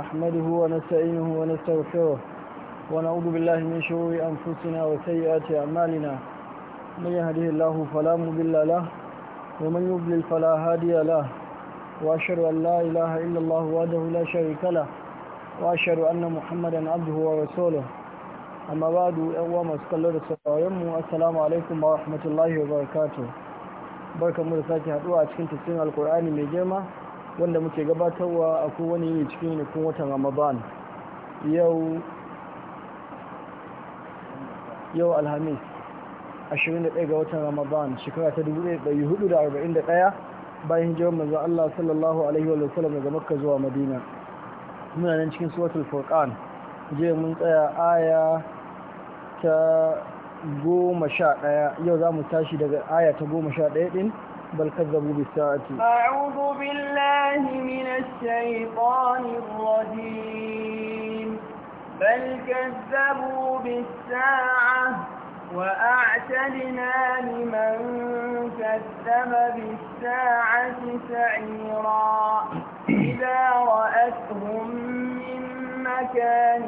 نحمده ونستعينه ونستغفره ونعوذ بالله من شرور أنفسنا وسيئات أعمالنا من يهده الله فلا مضل له ومن يضلل فلا هادي له وأشهد أن لا إله إلا الله وحده لا شريك له وأشهد أن محمدا عبده ورسوله amma ba da yanwa masu kallo da sauraronmu assalamu alaikum wa rahmatullahi wa barakatuh barkamu da sake haduwa a cikin tafsirin alkur'ani mai girma wanda muke gabatarwa a kowane yi cikin yinikun watan ramadan yau alhamis 21 ga watan ramadan shekara ta 1441 bayan hijirar manzo Allah sallallahu alaihi wa sallam daga makka zuwa madina muna nan cikin suratul furqan je mun tsaya aya ta goma sha ɗaya yau za mu tashi daga aya ta goma sha ɗaya ɗin بل كذبوا بالساعة أعوذ بالله من الشيطان الرجيم بل كذبوا بالساعة وأعتدنا لمن كذب بالساعة سعيرا إذا رأتهم من مكان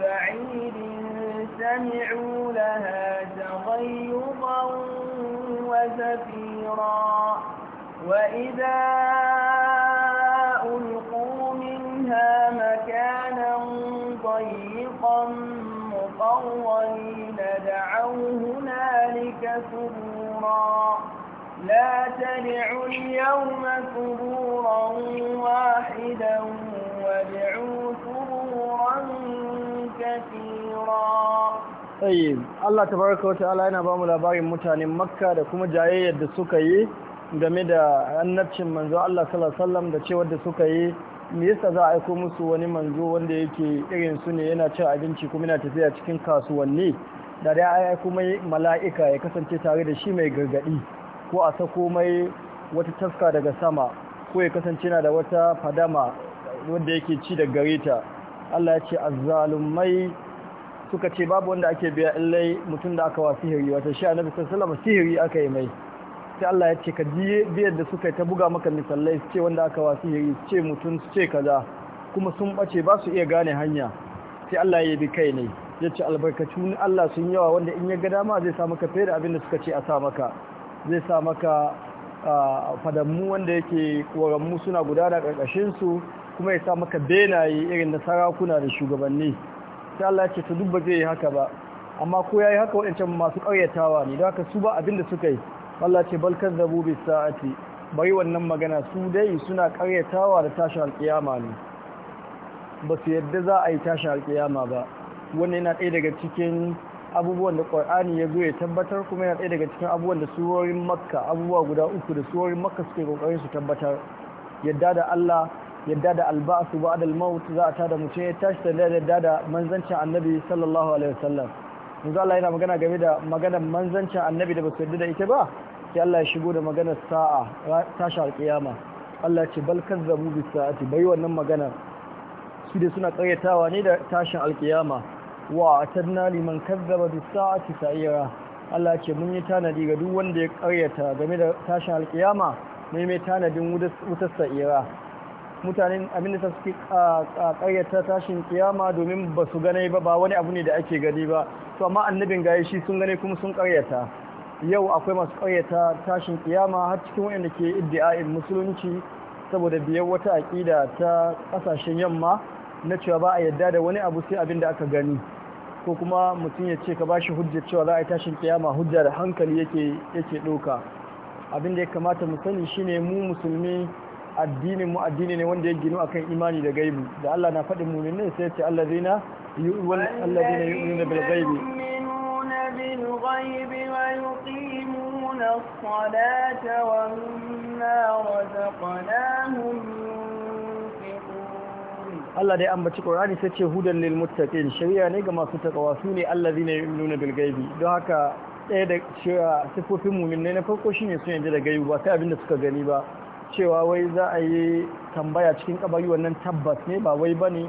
بعيد سمعوا لها تغيظا وزفيرا أبصارا وإذا ألقوا منها مكانا ضيقا مقرنين دعوا هنالك ثبورا لا تدعوا اليوم ثبورا واحدا وادعوا ثبورا Ayi, Allah ta baraka wata ala yana ba mu labarin mutanen makka da kuma jayayyar da suka yi game da annabcin manzo Allah sallallahu da cewar da suka yi me yasa za a aiko musu wani manzo wanda yake irin su ne yana cin abinci kuma yana tafiya cikin kasuwanni da dai ai aiko mai mala'ika ya kasance tare da shi mai gargadi ko a sako mai wata taska daga sama ko ya kasance na da wata fadama wanda yake ci da gareta Allah ya ce azzalumai suka ce babu wanda ake biya illai mutum da aka wa sihiri wata shi annabi sallallahu sihiri aka yi mai sai Allah ya ce ka ji biyar da suka ta buga maka misalai su ce wanda aka wa sihiri su ce mutum su ce kaza kuma sun bace ba su iya gane hanya sai Allah ya bi kai ne ya ce albarkacin Allah sun yawa wanda in ya ga dama zai sa maka fere abin da suka ce a sa maka zai sa maka fadammu wanda yake korammu suna gudana karkashin su kuma ya sa maka benaye irin na sarakuna da shugabanni sai Allah ya ce ta duk zai yi haka ba amma ko yayi haka wadancan masu ƙaryatawa ne don haka su ba abin da suka yi Allah ce bal kazzabu bis sa'ati bai wannan magana su dai suna ƙaryatawa da tashin alƙiyama ne ba su yadda za a yi tashin alƙiyama ba wannan yana ɗaya daga cikin abubuwan da Qur'ani ya zo ya tabbatar kuma yana ɗaya daga cikin abubuwan da surorin makka abubuwa guda uku da surorin makka suke kokarin su tabbatar yadda da Allah yadda da albasu ba da maut za a tada mutum ya tashi da yadda da manzancin annabi sallallahu alaihi wasallam yanzu Allah yana magana game da maganar manzancin annabi da ba su yarda da ita ba sai Allah ya shigo da maganar sa'a tashi alƙiyama Allah ce bal kazzabu bi sa'ati bai wannan maganar su da suna karyatawa ne da tashin alƙiyama wa atadna liman kazzaba bis sa'ati sa'ira Allah ce mun yi tanadi ga duk wanda ya karyata game da tashin alƙiyama mai mai tanadin wutar sa'ira mutanen abinda ta suke karyata tashin kiyama domin ba su gane ba ba wani abu ne da ake gani ba to amma annabin gaye shi sun gane kuma sun karyata yau akwai masu karyata tashin kiyama har cikin waɗanda ke iddia'in musulunci saboda biyar wata aƙida ta ƙasashen yamma na cewa ba a yadda da wani abu sai abin da aka gani ko kuma mutum ya ce ka ba shi hujjar cewa za a yi tashin kiyama hujja da hankali yake yake ɗauka abin da ya kamata mu sani shine mu musulmi addinin mu addini ne wanda ya gino akan imani da gaibi da Allah na faɗin ne sai ce allazina allazina yu'minuna bil ghaibi بالغيب ويقيمون Allah dai ambaci Qur'ani sai ce hudan lil muttaqin shari'a ne ga masu takawa su ne allazina yu'minuna bil ghaibi don haka ɗaya da cewa sifofin mu'min ne na farko shine sun yarda da gaibi ba sai abinda suka gani ba cewa wai za a yi tambaya cikin kabari wannan tabbas ne ba wai ba ne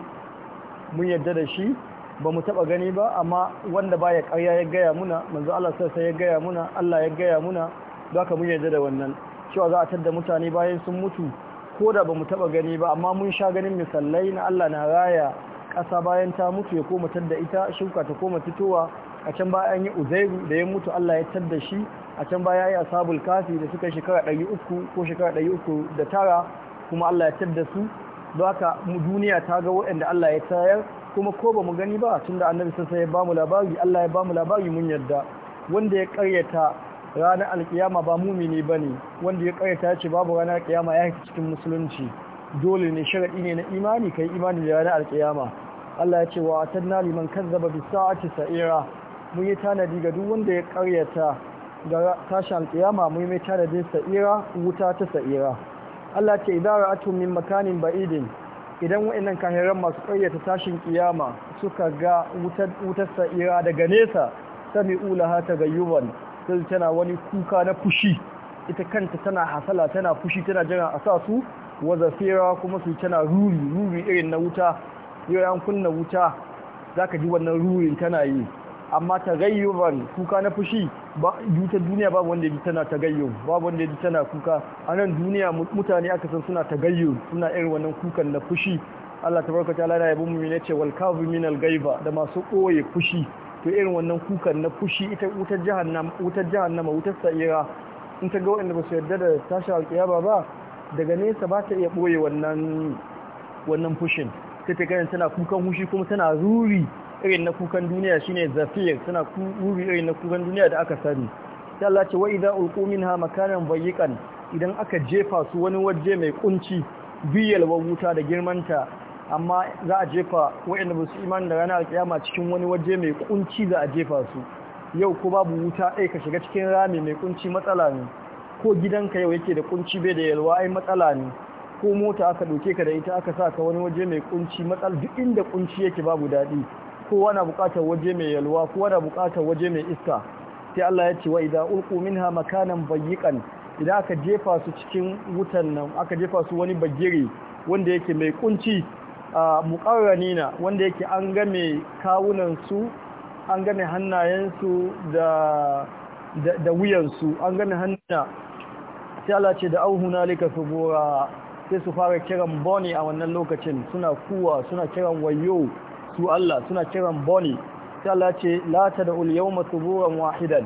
mun yadda da shi ba mu taba gani ba amma wanda ba ya karya ya gaya muna manzo Allah sai ya gaya muna Allah ya gaya muna don ka mun yarda da wannan cewa za a tadda mutane bayan sun mutu ko da ba mu taba gani ba amma mun sha ganin misallai na Allah na raya ƙasa bayan ta mutu ya koma tadda ita shuka ta koma fitowa a can ba bayan yi uzairu da ya mutu Allah ya tadda shi a can baya ya asabul kafi da suka shekara ɗari uku ko shekara ɗari uku da tara kuma Allah ya da su don haka duniya ta ga waɗanda Allah ya tayar kuma ko ba mu gani ba tunda annabi sun sai ya mu labari Allah ya ba mu labari mun yarda wanda ya karyata ranar alkiyama ba mumini ne wanda ya karyata ya ce babu ranar alkiyama ya haifi cikin musulunci dole ne sharaɗi ne na imani kai imani da ranar alkiyama Allah ya ce wa atanna liman kazzaba bis sa'ati sa'ira mun yi tanadi ga duk wanda ya karyata da tashi alƙiyama mu mai da sa'ira wuta ta sa'ira Allah ce idara a min makanin ba'idin idan wa'annan kahiran masu ƙayyata tashin kiyama suka ga wutar sa'ira daga nesa sami ha ta gayyuban sai tana wani kuka na fushi ita kanta tana hasala tana fushi tana jira a sa su wazafira kuma su tana ruri ruri irin na wuta yau kunna wuta zaka ji wannan rurin tana yi amma ta gayyuban kuka na fushi ba duniya babu wanda ji tana tagayyo babu wanda ji tana kuka a nan duniya mutane aka san suna tagayyo suna irin wannan kukan na fushi Allah ta barka ta'ala ya yabi mu ne ce wal kazimin al gaiba da masu koye fushi to irin wannan kukan na fushi ita wutar jahannama wutar jahannama wutar sa'ira in ta ga wanda ba su yarda da tashi alƙiyama ba daga nesa ba ta iya boye wannan fushin sai ta ganin tana kukan fushi kuma tana ruri irin na kukan duniya shine zafir suna kuri irin na kukan duniya da aka sani sai Allah ce wa idza ulqu ha makanan bayyikan idan aka jefa su wani waje mai kunci biyal wuta da girmanta amma za a jefa wa'anda ba su imani da ranar alkiyama cikin wani waje mai kunci za a jefa su yau ko babu wuta ai ka shiga cikin rami mai kunci matsala ne ko gidanka yau yake da kunci bai da yalwa ai matsala ne ko mota aka doke ka da ita aka sa ka wani waje mai kunci matsal duk inda kunci yake babu daɗi kowa na bukatar waje mai yalwa kowa na bukatar waje mai iska sai Allah ya ce wa idan ulqu minha makanan bayyikan idan aka jefa su cikin wutan nan aka jefa su wani bagire wanda yake mai kunci a muqarranina wanda yake an ga mai kawunan su an ga mai hannayen su da da wuyan su an ga mai sai Allah ce da auhuna lika bora sai su fara kiran boni a wannan lokacin suna kuwa suna kiran wayo su Allah suna kiran boni sai Allah ce la ul yawma thuburan wahidan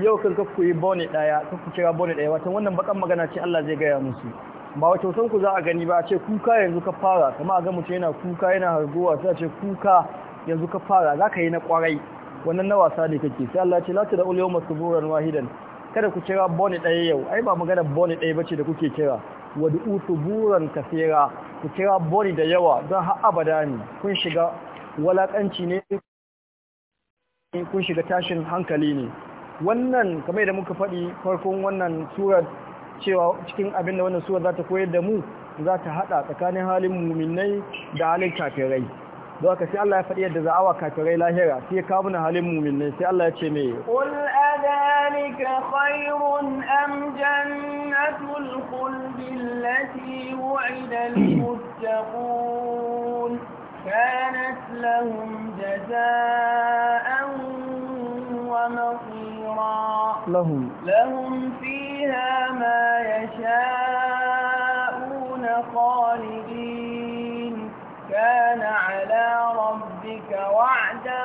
yau kan ka kuyi boni daya ka ku kira boni daya wato wannan bakan magana ce Allah zai gaya musu ba wato san ku za a gani ba a ce kuka yanzu ka fara kamar ga mutum yana kuka yana hargowa sai a ce kuka yanzu ka fara zaka yi na kwarai wannan na wasa ne kake sai Allah ce la ul yawma thuburan wahidan kada ku kira boni daya yau ai ba magana boni daya bace da kuke kira wad'u thuburan kaseera ku kira boni da yawa don har abada ne kun shiga Walaƙanci ne kun shiga tashin hankali ne wannan kamar da muka faɗi farkon wannan surar cewa cikin abin da wannan surar za ta koyar da mu za ta haɗa tsakanin halin muminai da halin kafirai da aka sai Allah ya faɗi yadda za'awa kafirai lahira sai ya kawo halin muminai sai Allah ya ce me qul adhalika khairun am jannatul khuldi allati wu'ida كانت لهم جزاء ومصيرا لهم, لهم فيها ما يشاءون خالدين كان على ربك وعدا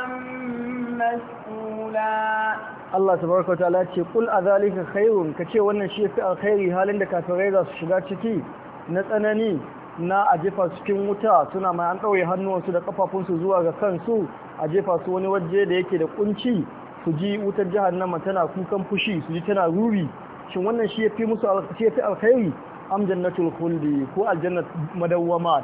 مسئولا Allah tabaraka wataala ce kul azalika khairun kace wannan shi yafi alkhairi halin da kafirai za su shiga ciki na tsanani na a jefa cikin wuta suna mai an ɗaure hannuwansu da ƙafafunsu zuwa ga kansu a jefa su wani waje da yake da kunci su ji wutar jahannama tana kukan fushi su ji tana ruri shin wannan shi fi musu alkhairi am jannatul khuldi ko aljannat madawwama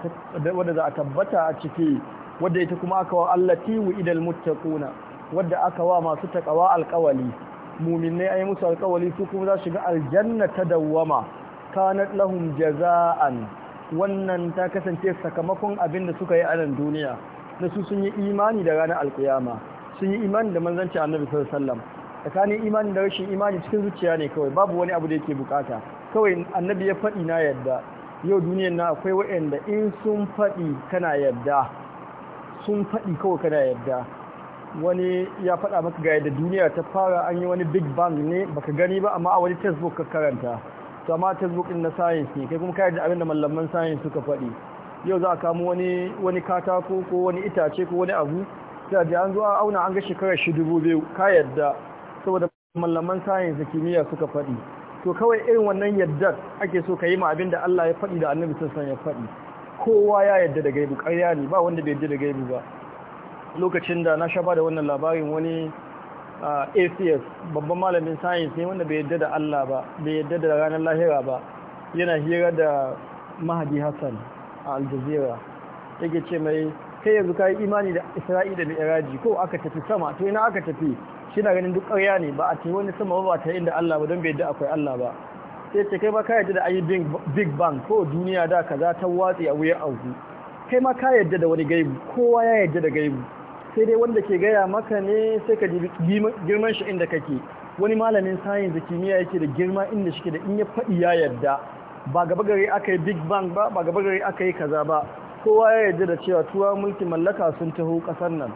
wadda za a tabbata a ciki wadda ita kuma aka wa allati wa idal muttaquna wadda aka wa masu takawa alqawali muminai ayi musu alqawali su kuma za su shiga aljanna ta dawwama kanat lahum jaza'an wannan ta kasance sakamakon abin da suka yi a nan duniya na su sun yi imani da ranar alkiyama sun yi imani da manzanci annabi sallallahu tsakanin imani da rashin imani cikin zuciya ne kawai babu wani abu da yake bukata kawai annabi ya faɗi na yadda yau duniyar na akwai waɗanda in sun faɗi kana yadda sun faɗi kawai kana yadda wani ya faɗa maka ga yadda duniya ta fara an yi wani big bang ne baka gani ba amma a wani textbook ka karanta kama amma na science ne kai kuma ka da abin da mallaman science suka faɗi yau za a kamo wani wani katako ko wani itace ko wani abu sai da an zo auna an ga shekarar shi dubu biyu ka yadda saboda mallaman science da kimiyya suka faɗi to kawai irin wannan yadda ake so ka yi ma abin da Allah ya faɗi da annabi sassan ya faɗi kowa ya yadda da gaibu ƙarya ne ba wanda bai yadda da gaibu ba lokacin da na sha ba da wannan labarin wani atheist babban malamin science ne wanda bai yadda da Allah ba bai yadda da ranar lahira ba yana hira da mahadi hassan a aljazeera yake ce mai kai yanzu kayi imani da isra'i da mi'iraji ko aka tafi sama to ina aka tafi shi na ganin duk ƙarya ne ba a ce wani sama ba ta inda Allah ba don bai yadda akwai Allah ba sai ce kai ma ka yadda da ayi big bang ko duniya da kaza ta watsi a wuyan auku kai ma ka yadda da wani gaibu kowa ya yadda da gaibu sai dai wanda ke gaya maka ne sai ka girman shi inda kake wani malamin sayan da kimiyya yake da girma inda shi da in ya faɗi ya yarda ba gaba gari aka yi big bang ba ba gaba gari aka yi kaza ba kowa ya yarda da cewa tuwa mulkin mallaka sun taho ƙasar nan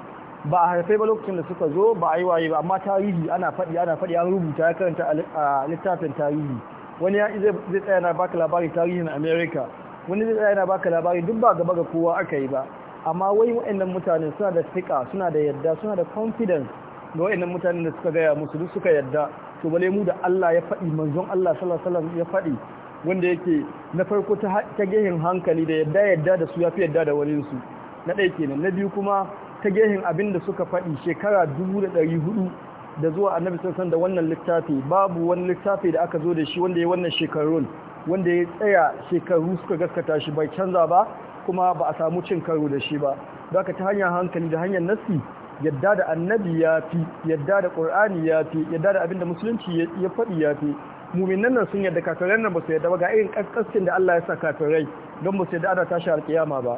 ba a harfe ba lokacin da suka zo ba a yi waye ba amma tarihi ana faɗi ana faɗi an rubuta ya karanta a littafin tarihi wani ya zai tsaya na baka labarin tarihin america wani zai tsaya na baka labarin duk ba gaba ga kowa aka yi ba amma wai wa'annan mutane suna da fiƙa suna da yadda suna da confidence ga wa'annan mutane da suka gaya musu duk suka yadda to bale mu da Allah ya faɗi manzon Allah sallallahu alaihi wasallam ya faɗi wanda yake na farko ta gehen hankali da yadda yadda da su yafi yadda da wani su na ɗaya kenan na biyu kuma ta gehen abin da suka faɗi shekara 1400 da zuwa annabi sallallahu da wannan littafi babu wani littafi da aka zo da shi wanda ya wannan shekarun wanda ya tsaya shekaru suka gaskata shi bai canza ba kuma ba a samu cin karo da shi ba da ta hanyar hankali da hanyar nasi yadda da annabi ya fi yadda da qur'ani ya fi yadda da abinda musulunci ya faɗi ya fi muminan nan sun yadda kafirai nan ba su yadda ba ga irin kaskaskin da Allah ya sa kafirai don ba su yadda ana tashi alƙiyama ba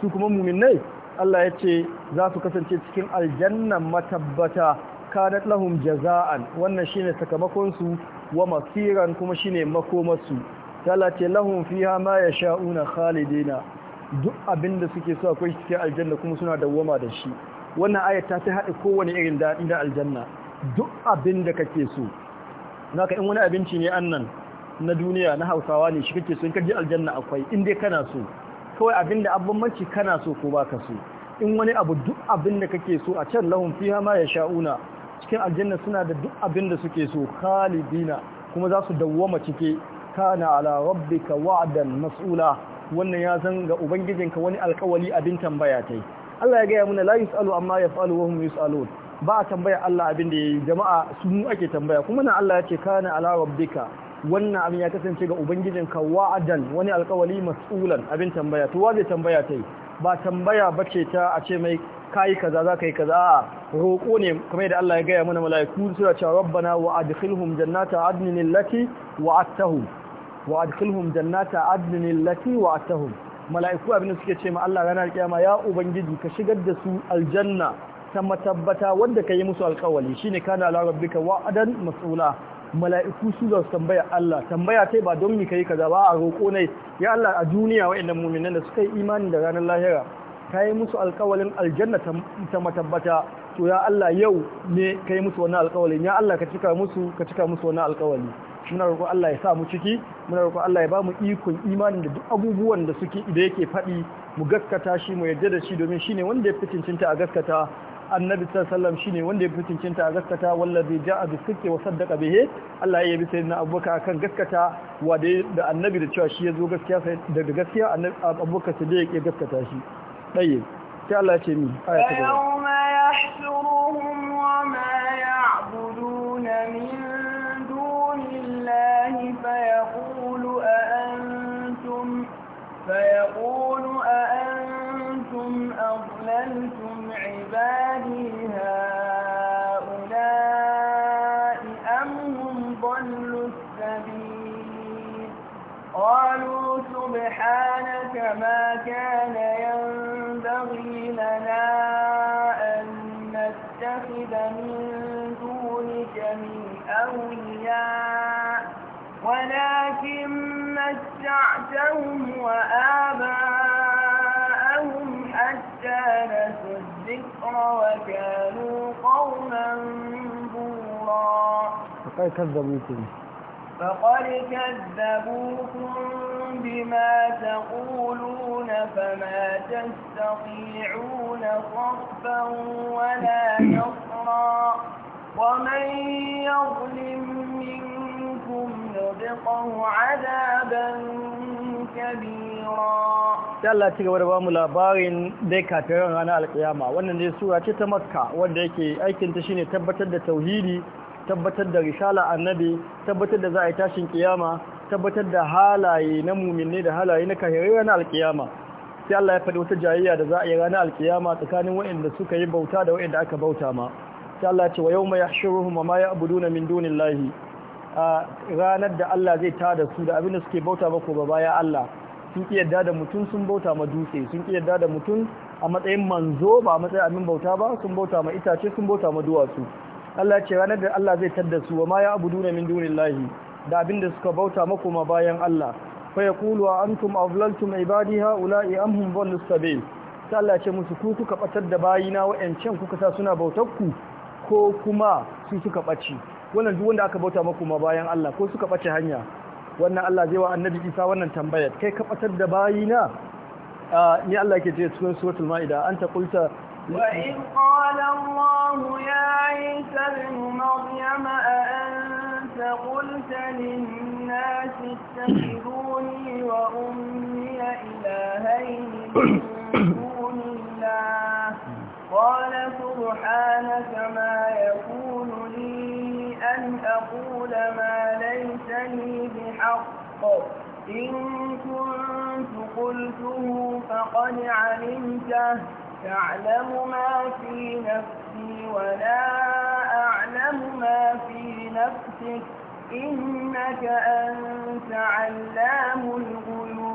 su kuma muminai Allah ya ce za su kasance cikin aljannan matabbata kanat lahum jaza'an wannan shine sakamakon su wa masiran kuma shine makomarsu Allah ce lahum fiha ma yasha'una khalidina duk abin da suke so akwai cikin aljanna kuma suna wama da shi wannan ayat ta ta kowane irin daɗi da aljanna duk abin da kake so naka in wani abinci ne annan na duniya na hausawa ne shi kake so in ka ji aljanna akwai in dai kana so kawai abin da abbanmanci kana so ko ba ka so in wani abu duk abin da kake so a can lahum fiha ma sha'una. cikin aljanna suna da duk abin da suke so khalidina kuma za su dawwama cike kana ala rabbika wa'dan mas'ula wannan ya san ga ubangijinka wani alkawali abin tambaya ta yi Allah ya gaya muna la yus'alu amma ya yaf'alu wa hum yus'alun ba a tambaya Allah abin da yayi jama'a su mu ake tambaya kuma nan Allah ya ce kana ala rabbika wannan abin ya kasance ga ubangijinka wa'adan wani alkawali mas'ulan abin tambaya to wa tambaya ta yi ba tambaya bace ta a ce mai kai kaza za ka yi kaza a roƙo ne kuma yadda Allah ya gaya mana mala'iku suna cewa rabbana wa adkhilhum jannata adnin allati wa'adtahum wa adkhilhum jannata adnin lati wa'atuhum mala'iku abin suke ce ma Allah ranar kiyama ya ubangiji ka shigar da su aljanna ta matabbata wanda ka musu alkawali shine kana la rabbika wa'adan mas'ula mala'iku su za tambaya Allah tambaya tai ba don mi kai kaza ba a roko ne ya Allah a duniya wayannan mu'minan da suka yi imani da ranar lahira kai yi musu alkawalin aljanna ta matabbata to ya Allah yau ne kai yi musu wannan alkawalin ya Allah ka cika musu ka cika musu wannan alkawali muna roƙon Allah ya sa mu ciki muna roƙon Allah ya ba mu ikon imanin da duk abubuwan da suke da yake faɗi mu gaskata shi mu yarda da shi domin shine wanda ya fi cincinta a gaskata annabi sallallahu alaihi shine wanda ya fi cincinta a gaskata wallazi ja'a bi sidqi wa saddaqa bihi Allah ya yabi na Abubakar akan gaskata wa da annabi da cewa shi ya zo gaskiya sai daga gaskiya Abubakar Siddiq ya gaskata shi tayyib sai Allah ya ce mi ayatu yawma yahshuruhum wa ma يقول أأنتم أضللتم عبادي هؤلاء أم هم ضلوا السبيل قالوا سبحانك ما كان ينبغي لنا أن نتخذ من دونك من أولياء وآباءهم حتى نسوا الذكر وكانوا قوما بورا فقد كذبوكم فقد كذبوكم بما تقولون فما تستطيعون صرفا ولا نصرا ومن يظلم منكم فيذقه عذابا كبيرا Allah ci gaba da bamu labarin dai kafiran ranar alkiyama wannan ne sura ce ta makka wanda yake aikin ta shine tabbatar da tauhidi tabbatar da risala annabi tabbatar da za a yi tashin kiyama tabbatar da halaye na muminne da halaye na kafirai ranar alkiyama sai Allah ya faɗi wata jayayya da za a yi ranar alkiyama tsakanin waɗanda suka yi bauta da waɗanda aka bauta ma sai Allah ya ce wa yawma yahshuruhum wa ma ya'buduna min dunillahi ranar da Allah zai da su da abin da suke bauta ba ko ba baya Allah sun ki yadda da mutum sun bauta ma dutse sun ki yadda da mutum a matsayin manzo ba a matsayin abin bauta ba sun bauta ma itace sun bauta ma duwatsu Allah ce ranar da Allah zai tadda su wa ma ya abuduna min dunillahi da abin da suka bauta mako ma bayan Allah fa yaqulu antum adlaltum ibadi haula'i am hum sabil sai Allah ce musu ku kuka batar da bayina wa'ancan kuka sa suna bautar ku ko kuma su suka ɓaci wannan duk wanda aka bauta maku ma bayan Allah ko suka bace hanya wannan Allah zai wa annabi Isa wannan tambayar kai ka batar da bayina ni Allah yake ce cikin suratul maida anta qulta وإذ قال الله يا عيسى ابن مريم أأنت قلت للناس اتخذوني wa إلهين من دون الله قال سبحانك ما أقول ما ليس لي بحق إن كنت قلته فقد علمته تعلم ما في نفسي ولا أعلم ما في نفسك إنك أنت علام الغيوب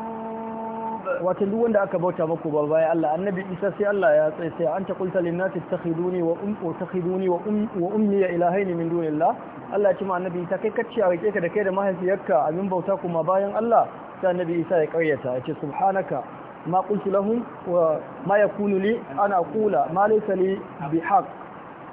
wata duk wanda aka bauta muku ba bayan Allah annabi Isa sai Allah ya tsaye sai an ta kulta lin nasi takhiduni wa um takhiduni wa um wa ummi ilahain min dunillah Allah ya ce ma annabi Isa kai kacce a ka da kai da mahaifiyarka abin bauta kuma bayan Allah sai annabi Isa ya karyata ya ce subhanaka ma qultu lahum wa ma yakunu li ana aqula ma laysa li bihaq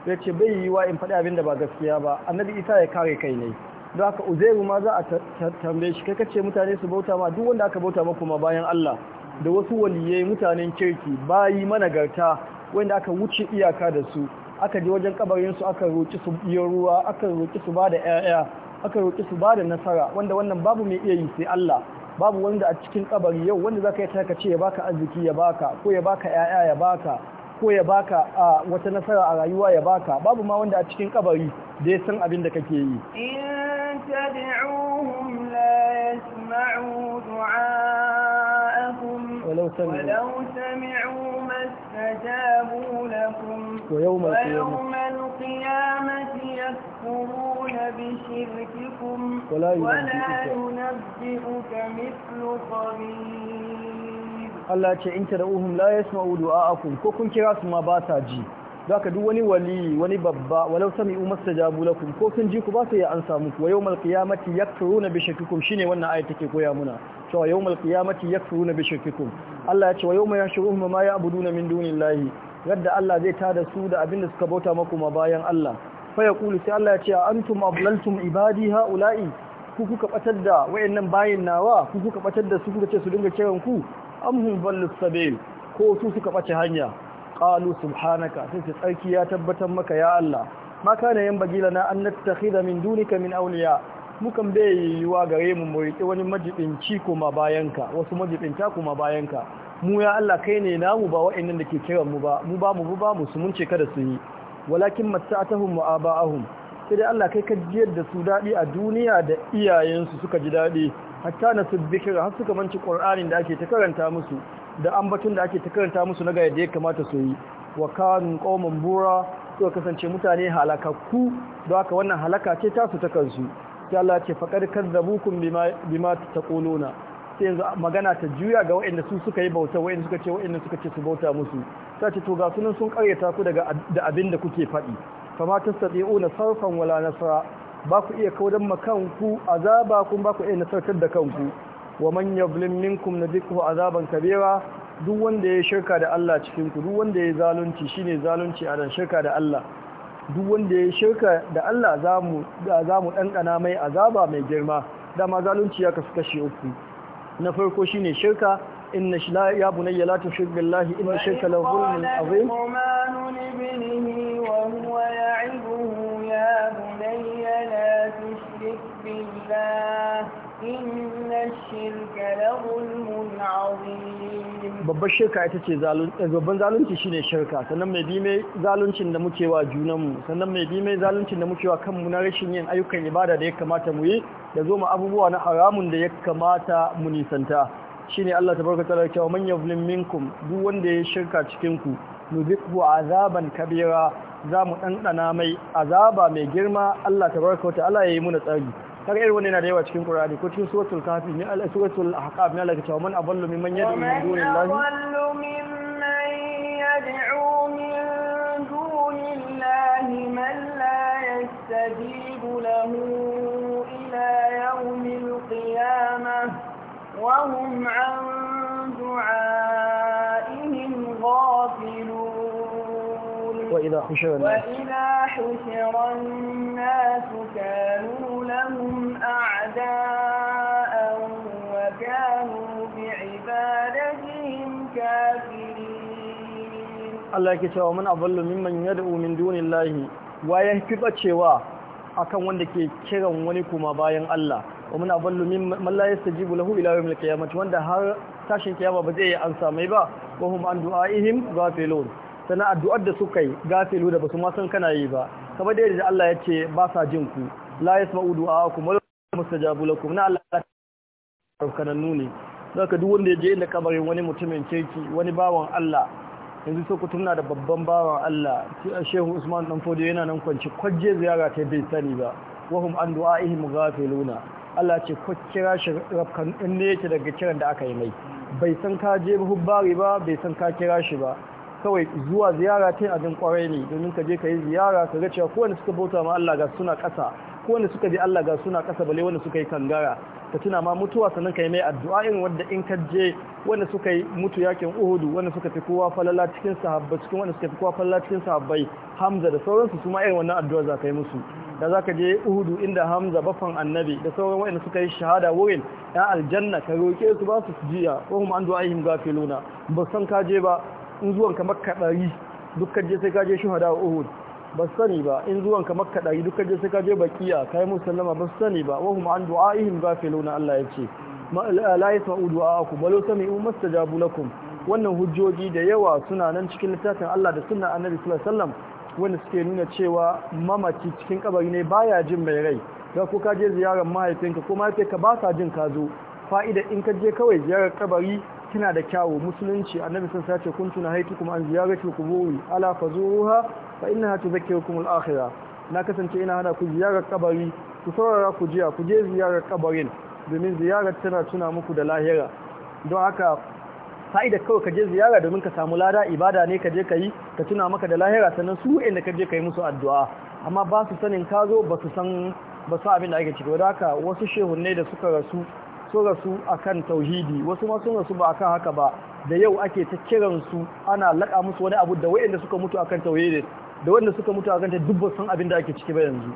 yace bai yi wa in faɗi abin da ba gaskiya ba annabi Isa ya kare kai ne don aka uzairu ma za a tambaye shi kai kace mutane su bauta ma duk wanda aka bauta ma kuma bayan Allah da wasu waliyai mutanen kirki bayi managarta wanda aka wuce iyaka da su aka je wajen kabarin aka roki su biyo ruwa aka roki su bada ƴaƴa aka roki su bada nasara wanda wannan babu mai iya yi sai Allah babu wanda a cikin kabari yau wanda zaka yi ta ce ya baka arziki ya baka ko ya baka ƴaƴa ya baka ko ya baka a wata nasara a rayuwa ya baka babu ma wanda a cikin kabari da ya san abin da kake yi in tad'uhum la yasma'u du'a'akum walau sami'u mastajabu lakum wa yawmal qiyamati yakfurun bi shirkikum wa la yunabbi'uka mithlu khabir Allah ce in tad'uhum la yasma'u du'a'akum ko kun kira su ma ba ta ji zaka duk wani wali wani babba walau sami'u mastajabu lakum ko sun ji ku ba su ya ansa muku wa yawmal qiyamati yakfuruna bi shirkikum shine wannan ayat take koya muna cewa yawmal qiyamati yakfuruna bi shirkikum Allah ya ce wa yawma yashuruhum ma ya'buduna min dunillahi yadda Allah zai tada su da abin da suka bauta maku ma bayan Allah fa yaqulu sai Allah ya ce antum ablaltum ibadi haula'i ku kuka batar da wayannan bayin nawa ku kuka batar da su kuka ce su dinga kiran ku amhum hum ballu sabil ko su suka bace hanya qalu subhanaka sai su tsarki ya tabbatar maka ya Allah ma kana yan bagila na an da min dunika min awliya mukan bai yiwa gare mu mu riƙe wani ci kuma bayanka wasu ta kuma bayanka mu ya Allah kai ne namu ba wa'annan da ke kiran mu ba mu ba mu ba mu su mun ce kada su yi walakin matta'atuhum wa aba'ahum sai dai Allah kai ka jiyar da su daɗi a duniya da iyayensu suka ji daɗi hatta na subbikira har suka manci kur'anin da ake ta karanta musu da ambatun da ake ta karanta musu na gaya da ya kamata su yi wa kanun bura suka kasance mutane halakakku da haka wannan halaka ce ta su sai Allah ce faqad kazzabukum bima ta sai yanzu magana ta juya ga waɗanda su suka yi bauta waɗanda suka ce waɗanda suka ce su bauta musu ta ce to ga sunan sun karyata ku daga da abin da kuke faɗi fama na sarfan wala nasara ba ku iya kaudan makanku azaba kun ba ku iya nasartar da kanku wa man yablim minkum nadhiku azaban kabira duk wanda ya shirka da Allah cikin ku duk wanda ya zalunci shine zalunci a dan shirka da Allah duk wanda ya shirka da Allah zamu zamu dankana mai azaba mai girma dama zalunci ya kasu kashi uku na farko shine shirka inna la ya bunayya la tushrik billahi inna shirka la zulmun azim هذا babbar shirka ita ce eh, babban zalunci shine shirka sannan mai bi mai zaluncin da muke wa junanmu sannan mai bi mai zaluncin da muke wa kanmu na rashin yin ayyukan ibada da ya kamata mu yi da zo mu abubuwa na haramun da ya kamata mu nisanta shine Allah tabaraka taala kyawa manyan vlin minkum duk wanda ya shirka cikin ku a azaban kabira za mu ɗanɗana mai azaba mai girma Allah tabaraka wata Allah ya yi muna tsari kaga irin wannan yana da yawa cikin Qur'ani ko cikin suratul kafi ne al suratul ahqaf ne Allah ya ce man aballu mimman yad'u min dunillahi aballu mimman yad'u min dunillahi man la yastajibu lahu ila yawmil qiyamah wa hum an du'a وإذا حشر الناس وإذا حشر الناس كانوا لهم أعداء وكانوا بعبادتهم كافرين الله يكتب من أضل ممن يدعو من دون الله ويهكب cewa akan wanda ke kiran wani kuma bayan Allah wa muna ballu min man la yastajibu lahu ila yawmil qiyamah wanda har tashin kiyama ba zai yi an samai ba wa hum an du'aihim ghafilun sana addu'ar da suka yi gafilu da basu ma san kana yi ba kamar da yadda Allah ya ce ba sa jin ku la yasma'u du'aakum wa la mustajabu lakum na Allah kanannu ne zaka duk wanda ya je inda kabarin wani mutumin kirki wani bawan Allah yanzu sai ku tuna da babban bawan Allah Shehu Usman dan Fodi yana nan kwanci kwaje ziyara ta bai sani ba wahum an du'a'ihi mughafiluna Allah ce ku kira shi rabkan in yake daga kiran da aka yi mai bai san ka je hubbari ba bai san ka kira shi ba kawai zuwa ziyara ta abin kwarai ne domin ka je ka yi ziyara ka ga cewa kowanne suka bauta ma Allah ga suna ƙasa kowanne suka bi Allah ga suna ƙasa bale wanda suka yi kangara ka tuna ma mutuwa sannan ka yi mai addu'a irin wanda in ka je wanda suka yi mutu yakin Uhudu wanda suka fi kowa falala cikin sahabbai cikin wanda suka fi kowa falala cikin sahabbai Hamza da sauransu su ma irin wannan addu'a za ka yi musu da za ka je Uhudu inda Hamza bafan annabi da sauran wanda suka yi shahada wurin ya aljanna ka roƙe su ba su jiya wa hum an du'aihim gafiluna ba san ka je ba in zuwan ka makka dukkan je sai ka je shuhada wa uhud ba sani ba in zuwan ka makka dukkan je sai ka je bakiya kai yi musallama ba sani ba hum an du'a'ihim gafiluna Allah ya ce la yasma'u du'a'akum walau sami'u mustajabu lakum wannan hujjoji da yawa suna nan cikin littafin Allah da sunnar annabi sallallahu alaihi wasallam wanda suke nuna cewa mamaci cikin kabari ne baya jin mai rai da ko ka je ziyarar mahaifinka ko mahaifinka ba sa jin ka zo fa'ida in ka je kawai ziyarar kabari tana da kyawu musulunci annabi sun sace kun tuna haitu kuma an ku quburi ala fazuruha fa innaha tudhakkirukum al-akhirah na kasance ina hana ku ziyarar kabari ku saurara ku jiya ku je ziyarar kabarin domin ziyarar tana tuna muku da lahira don haka da kawai ka je ziyara domin ka samu lada ibada ne ka je ka yi ka tuna maka da lahira sannan su inda ka je ka yi musu addu'a amma ba su sanin ka zo ba su san ba su abin da ake ciki don haka wasu shehunne da suka rasu sun rasu akan tauhidi wasu ma sun rasu ba a kan haka ba da yau ake ta kiran su ana laƙa musu wani abu da waɗanda suka mutu akan tauhidi da wanda suka mutu akan ta dubba san abin da ake ciki ba yanzu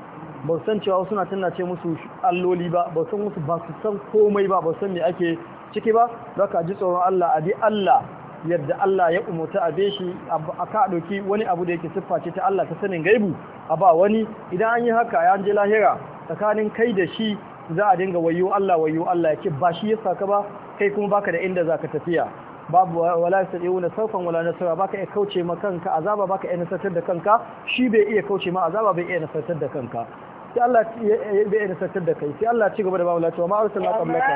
ba san cewa tana ce musu alloli ba ba san musu ba su san komai ba ba san me ake ciki ba za ka ji tsoron Allah a bi Allah yadda Allah ya umarta a be shi a ka ɗauki wani abu da yake siffa ce ta Allah ta sanin gaibu a ba wani idan an yi haka ya je lahira tsakanin kai da shi za a dinga wayo Allah wayo Allah yake ba shi ya ka ba kai kuma baka da inda zaka tafiya babu wala sadiuna saufan wala nasara baka iya kauce ma kanka azaba baka iya nasartar da kanka shi bai iya kauce ma azaba bai iya nasartar da kanka sai Allah ya bai iya nasartar da kai sai Allah ci gaba da babu lati wa ma arsalna qablaka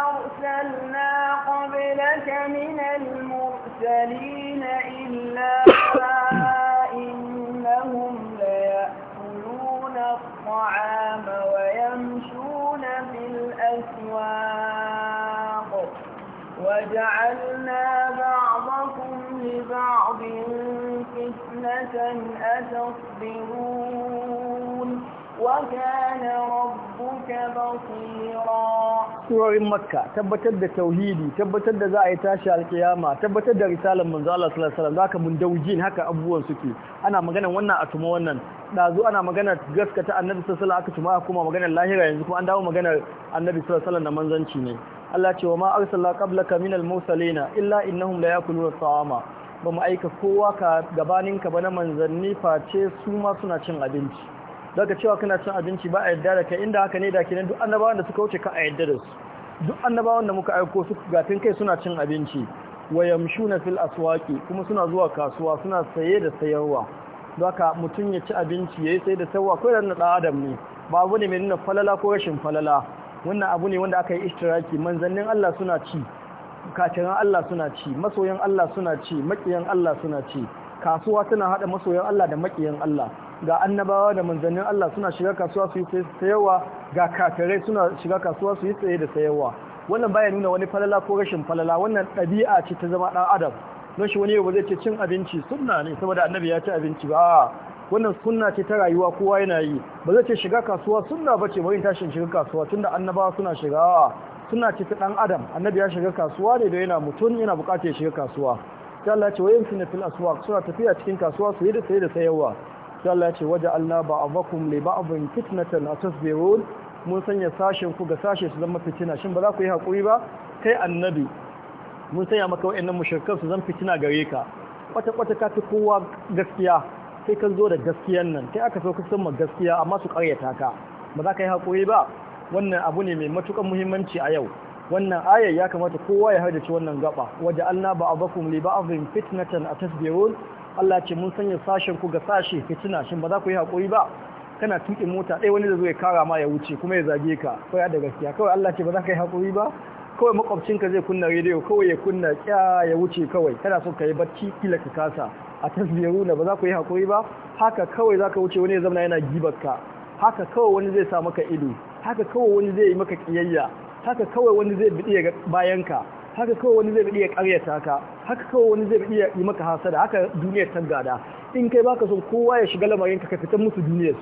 arsalna qablaka min al-mursalin illa جعلنا بعضكم لبعض فتنة أتصبرون Surorin Makka tabbatar da tauhidi, tabbatar da za a yi tashi alƙiyama, tabbatar da risalar manzo Allah salasalam za ka mun daujin haka abubuwan suke. Ana magana wannan a tuma wannan, ɗazu ana magana gaska ta annabi salasala aka tuma a kuma maganar lahira yanzu kuma an dawo maganar annabi salasala da manzanci ne. Allah ce wa ma arsala qabla ka minal mawsalina illa innahum la yakuluna sawama ba mu aika kowa ka gabaninka ba na manzanni face su ma suna cin abinci. daga cewa kana cin abinci ba a yadda da kai inda haka ne da kenan duk annabawan da suka wuce ka a yadda da su duk annabawan da muka aiko su ga tun kai suna cin abinci wayamshuna fil aswaqi kuma suna zuwa kasuwa suna saye da sayarwa haka mutum ya ci abinci yayi sai da sayarwa ko da na adam ne ba abu ne mai nuna falala ko rashin falala wannan abu ne wanda aka yi ishtiraki manzannin Allah suna ci kafiran Allah suna ci masoyan Allah suna ci makiyan Allah suna ci kasuwa tana hada masoyan Allah da makiyan Allah ga annabawa da manzannin Allah suna shiga kasuwa su yi sayarwa ga kakarai suna shiga kasuwa su yi tsaye da sayarwa wannan baya nuna wani falala ko rashin falala wannan ɗabi'a ce ta zama ɗan adam don shi wani yau ba zai ce cin abinci sunna ne saboda annabi ya ci abinci ba wannan sunna ce ta rayuwa kowa yana yi ba zai ce shiga kasuwa sunna ba ce bari tashin shiga kasuwa tunda annabawa suna shiga suna ce ta ɗan adam annabi ya shiga kasuwa ne da yana mutum yana buƙatar ya shiga kasuwa sai Allah ya ce wayin aswaq suna tafiya cikin kasuwa su yi sayarwa sai Allah ya ce waja'alna ba'dakum li ba'dhin fitnatan atasbirun mun sanya sashen ku ga sashe su zama fitina shin ba za ku yi hakuri ba kai annabi mun sanya maka wayannan mushrikan su zama fitina gare ka kwata kwata ka kowa gaskiya sai ka zo da gaskiyan nan kai aka so ka san ma gaskiya amma su karyata ka ba za ka yi hakuri ba wannan abu ne mai matukan muhimmanci a yau wannan ayar ya kamata kowa ya haddace wannan gaba waje alna abakum li ba'dhin fitnatan atasbirun Allah ce mun sanya sashen ku ga sashe fitina shin ba za ku yi haƙuri ba kana tuki mota ɗaya wani da ya kara ma ya wuce kuma ya zage ka kawai da gaskiya kawai Allah ce ba za ka yi haƙuri ba kawai makwabcinka zai kunna rediyo kawai ya kunna ƙya ya wuce kawai kana so ka yi barci? kila ka kasa a tasbiru na ba za ku yi haƙuri ba haka kawai za ka wuce wani ya zama yana ka haka kawai wani zai sa maka ido haka kawai wani zai yi maka ƙiyayya haka kawai wani zai biɗi bayanka haka kawai wani zai iya karyata ka haka kawai wani zai iya yi maka hasada haka duniyar ta gada in kai baka son kowa ya shiga lamarin ka ka fitar musu duniyar